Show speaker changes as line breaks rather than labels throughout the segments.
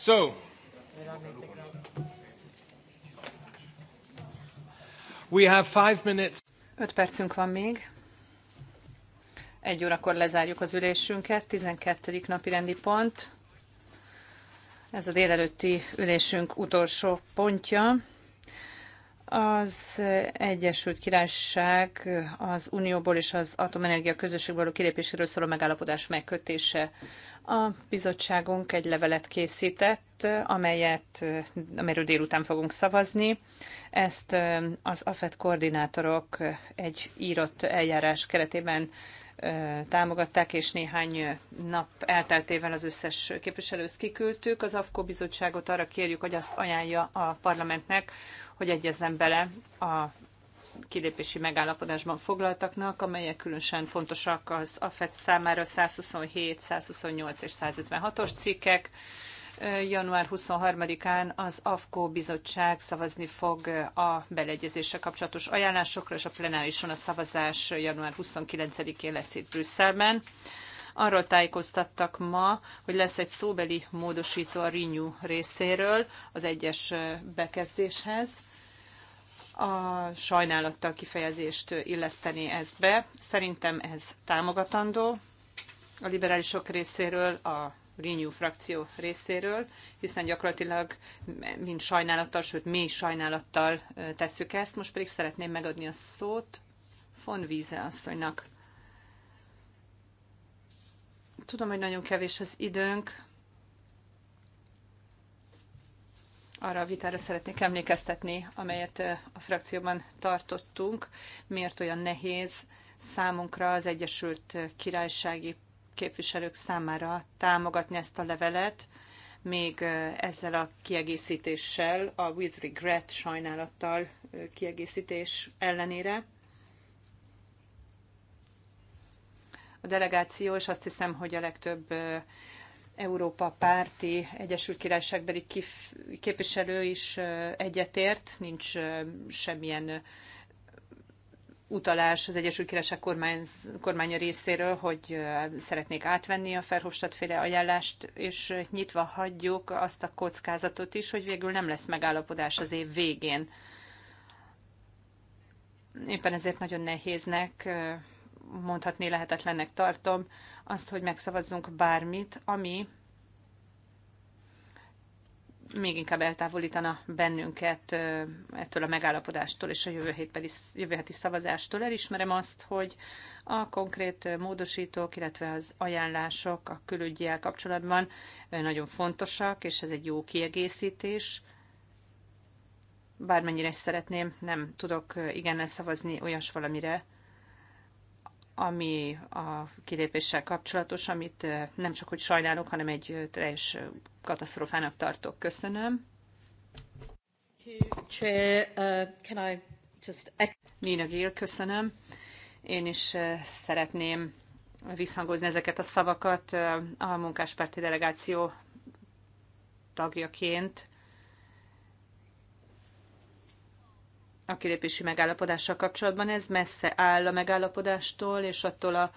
So,
we have five minutes. Öt percünk van még. Egy órakor lezárjuk az ülésünket, 12. napi rendi pont. Ez a délelőtti ülésünk utolsó pontja. Az Egyesült Királyság az Unióból és az Atomenergia Közösségből a kilépéséről szóló megállapodás megkötése. A bizottságunk egy levelet készített, amelyet, amelyről délután fogunk szavazni. Ezt az AFET koordinátorok egy írott eljárás keretében támogatták, és néhány nap elteltével az összes képviselőhöz kiküldtük. Az AFKO bizottságot arra kérjük, hogy azt ajánlja a parlamentnek, hogy egyezzen bele a kilépési megállapodásban foglaltaknak, amelyek különösen fontosak az AFET számára 127, 128 és 156-os cikkek. Január 23-án az AFKO bizottság szavazni fog a beleegyezésre kapcsolatos ajánlásokra, és a plenárison a szavazás január 29-én lesz itt Brüsszelben. Arról tájékoztattak ma, hogy lesz egy szóbeli módosító a Renew részéről az egyes bekezdéshez a sajnálattal kifejezést illeszteni ezt be. Szerintem ez támogatandó a liberálisok részéről, a Renew frakció részéről, hiszen gyakorlatilag mind sajnálattal, sőt mély sajnálattal tesszük ezt. Most pedig szeretném megadni a szót von Wiese asszonynak. Tudom, hogy nagyon kevés az időnk, arra a vitára szeretnék emlékeztetni, amelyet a frakcióban tartottunk, miért olyan nehéz számunkra az Egyesült Királysági képviselők számára támogatni ezt a levelet, még ezzel a kiegészítéssel, a with regret sajnálattal kiegészítés ellenére. A delegáció, és azt hiszem, hogy a legtöbb Európa párti Egyesült Királyságbeli képviselő is egyetért, nincs semmilyen utalás az Egyesült Királyság kormány, kormánya részéről, hogy szeretnék átvenni a Ferhofstadt féle ajánlást, és nyitva hagyjuk azt a kockázatot is, hogy végül nem lesz megállapodás az év végén. Éppen ezért nagyon nehéznek mondhatni lehetetlennek tartom azt, hogy megszavazzunk bármit, ami még inkább eltávolítana bennünket ettől a megállapodástól és a jövő, hét pedig, jövő heti szavazástól. Elismerem azt, hogy a konkrét módosítók, illetve az ajánlások a külügyjel kapcsolatban nagyon fontosak, és ez egy jó kiegészítés. Bármennyire is szeretném, nem tudok igennel szavazni olyas valamire, ami a kilépéssel kapcsolatos, amit nem csak hogy sajnálok, hanem egy teljes katasztrófának tartok. Köszönöm. Uh, Nina Gill, köszönöm. Én is szeretném visszhangozni ezeket a szavakat a munkáspárti delegáció tagjaként. a kilépési megállapodással kapcsolatban. Ez messze áll a megállapodástól és attól a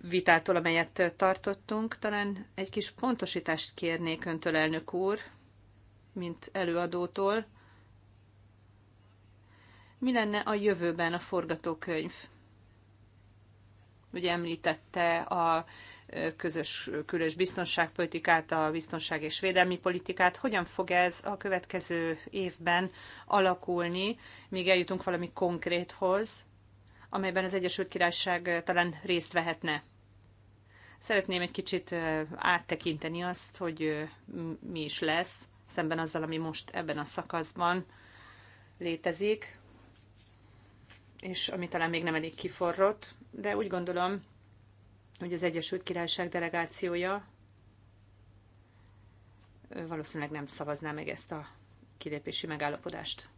vitától, amelyet tartottunk. Talán egy kis pontosítást kérnék öntől, elnök úr, mint előadótól. Mi lenne a jövőben a forgatókönyv? Ugye említette a közös kül- és biztonságpolitikát, a biztonság és védelmi politikát. Hogyan fog ez a következő évben alakulni, míg eljutunk valami konkréthoz, amelyben az Egyesült Királyság talán részt vehetne? Szeretném egy kicsit áttekinteni azt, hogy mi is lesz, szemben azzal, ami most ebben a szakaszban létezik, és ami talán még nem elég kiforrott, de úgy gondolom, hogy az Egyesült Királyság delegációja valószínűleg nem szavazná meg ezt a kilépési megállapodást.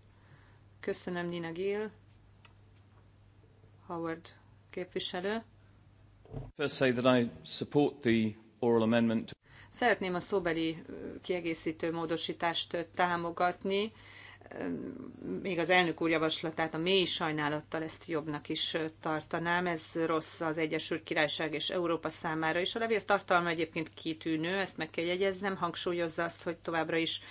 Köszönöm Nina Gill, Howard képviselő. Szeretném a szóbeli kiegészítő módosítást támogatni még az elnök úr javaslatát a mély sajnálattal ezt jobbnak is tartanám. Ez rossz az Egyesült Királyság és Európa számára is. A levél tartalma egyébként kitűnő, ezt meg kell jegyeznem, hangsúlyozza azt, hogy továbbra is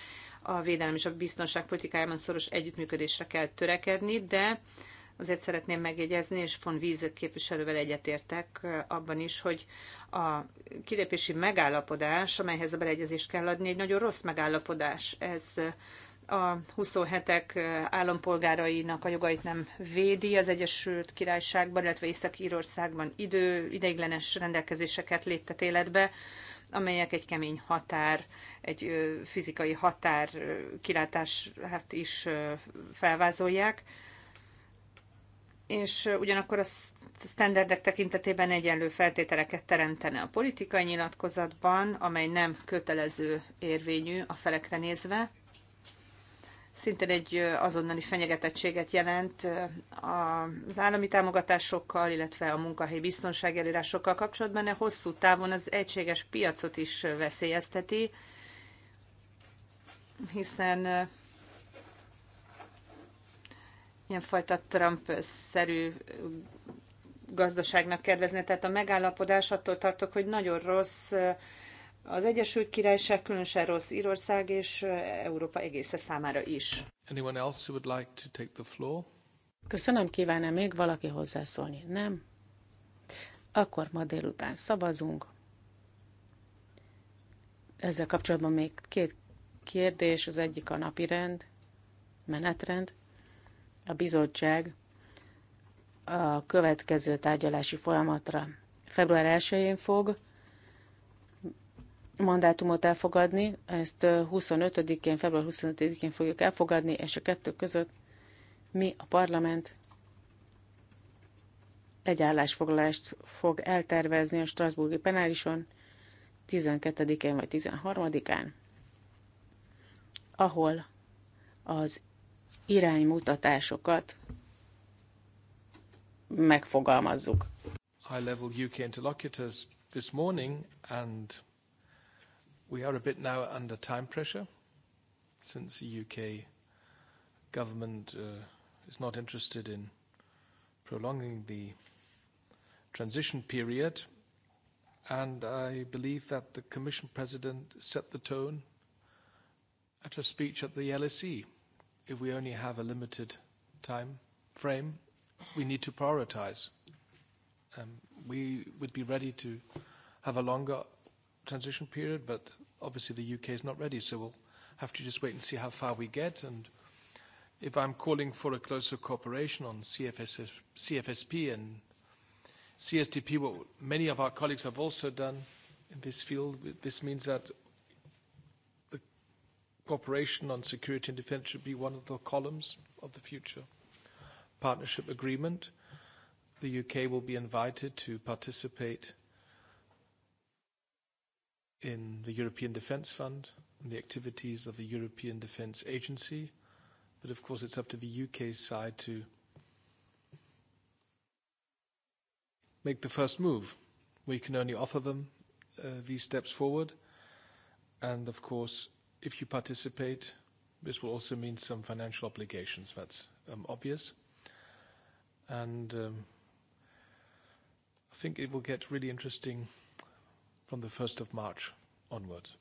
a védelem és a biztonságpolitikájában szoros együttműködésre kell törekedni, de azért szeretném megjegyezni, és von Wiese képviselővel egyetértek abban is, hogy a kilépési megállapodás, amelyhez a beleegyezést kell adni, egy nagyon rossz megállapodás. Ez a 27-ek állampolgárainak a jogait nem védi az Egyesült Királyságban, illetve Észak-Írországban idő, ideiglenes rendelkezéseket léptet életbe, amelyek egy kemény határ, egy fizikai határ kilátását is felvázolják. És ugyanakkor a sztenderdek tekintetében egyenlő feltételeket teremtene a politikai nyilatkozatban, amely nem kötelező érvényű a felekre nézve, szintén egy azonnali fenyegetettséget jelent az állami támogatásokkal, illetve a munkahelyi biztonsági előírásokkal kapcsolatban, de hosszú távon az egységes piacot is veszélyezteti, hiszen ilyenfajta Trump-szerű gazdaságnak kedvezne. Tehát a megállapodás attól tartok, hogy nagyon rossz az Egyesült Királyság, különösen rossz Írország és Európa egésze számára is.
Anyone else who would like to take the floor?
Köszönöm, kívánna még valaki hozzászólni? Nem? Akkor ma délután szavazunk. Ezzel kapcsolatban még két kérdés, az egyik a napi rend, menetrend. A bizottság a következő tárgyalási folyamatra február 1-én fog mandátumot elfogadni, ezt 25-én, február 25-én fogjuk elfogadni, és a kettő között mi a parlament egy állásfoglalást fog eltervezni a Strasburgi penálison 12-én vagy 13-án, ahol az iránymutatásokat megfogalmazzuk.
High level UK interlocutors this morning and We are a bit now under time pressure since the UK government uh, is not interested in prolonging the transition period. And I believe that the Commission President set the tone at her speech at the LSE. If we only have a limited time frame, we need to prioritize. Um, we would be ready to have a longer transition period, but obviously the UK is not ready, so we'll have to just wait and see how far we get. And if I'm calling for a closer cooperation on CFS, CFSP and CSTP, what many of our colleagues have also done in this field, this means that the cooperation on security and defence should be one of the columns of the future partnership agreement. The UK will be invited to participate – in the European Defence Fund and the activities of the European Defence Agency. But of course, it's up to the UK side to make the first move. We can only offer them uh, these steps forward. And of course, if you participate, this will also mean some financial obligations. That's um, obvious. And um, I think it will get really interesting from the 1st of March onwards.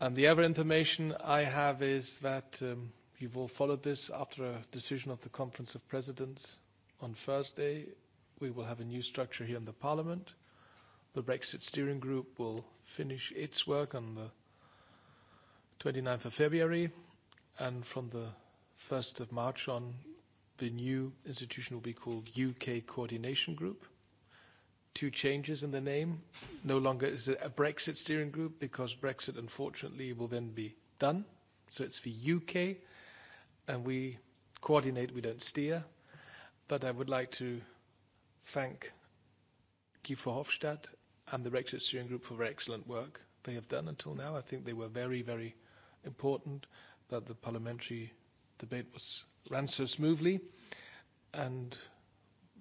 And the other information I have is that um, you've all followed this. After a decision of the Conference of Presidents on Thursday, we will have a new structure here in the Parliament. The Brexit Steering Group will finish its work on the 29th of February, and from the 1st of March on, the new institution will be called UK Coordination Group two changes in the name. No longer is it a Brexit steering group because Brexit, unfortunately, will then be done. So it's the UK, and we coordinate, we don't steer. But I would like to thank Guy Verhofstadt and the Brexit steering group for their excellent work they have done until now. I think they were very, very important that the parliamentary debate was ran so smoothly. And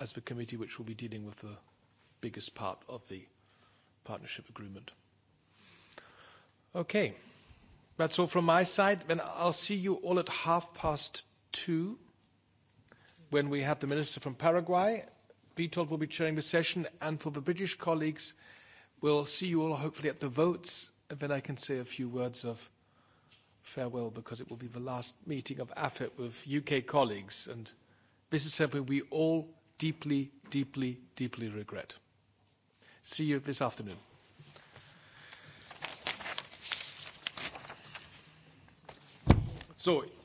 as the committee which will be dealing with the biggest part of the partnership agreement. Okay. That's all from my side. Then I'll see you all at half past two when we have the minister from Paraguay. Vitold will be chairing the session, and for the British colleagues, we'll see you all hopefully at the votes, and then I can say a few words of farewell because it will be the last meeting of AFET with UK colleagues, and this is something we all deeply, deeply, deeply regret. See you this afternoon. So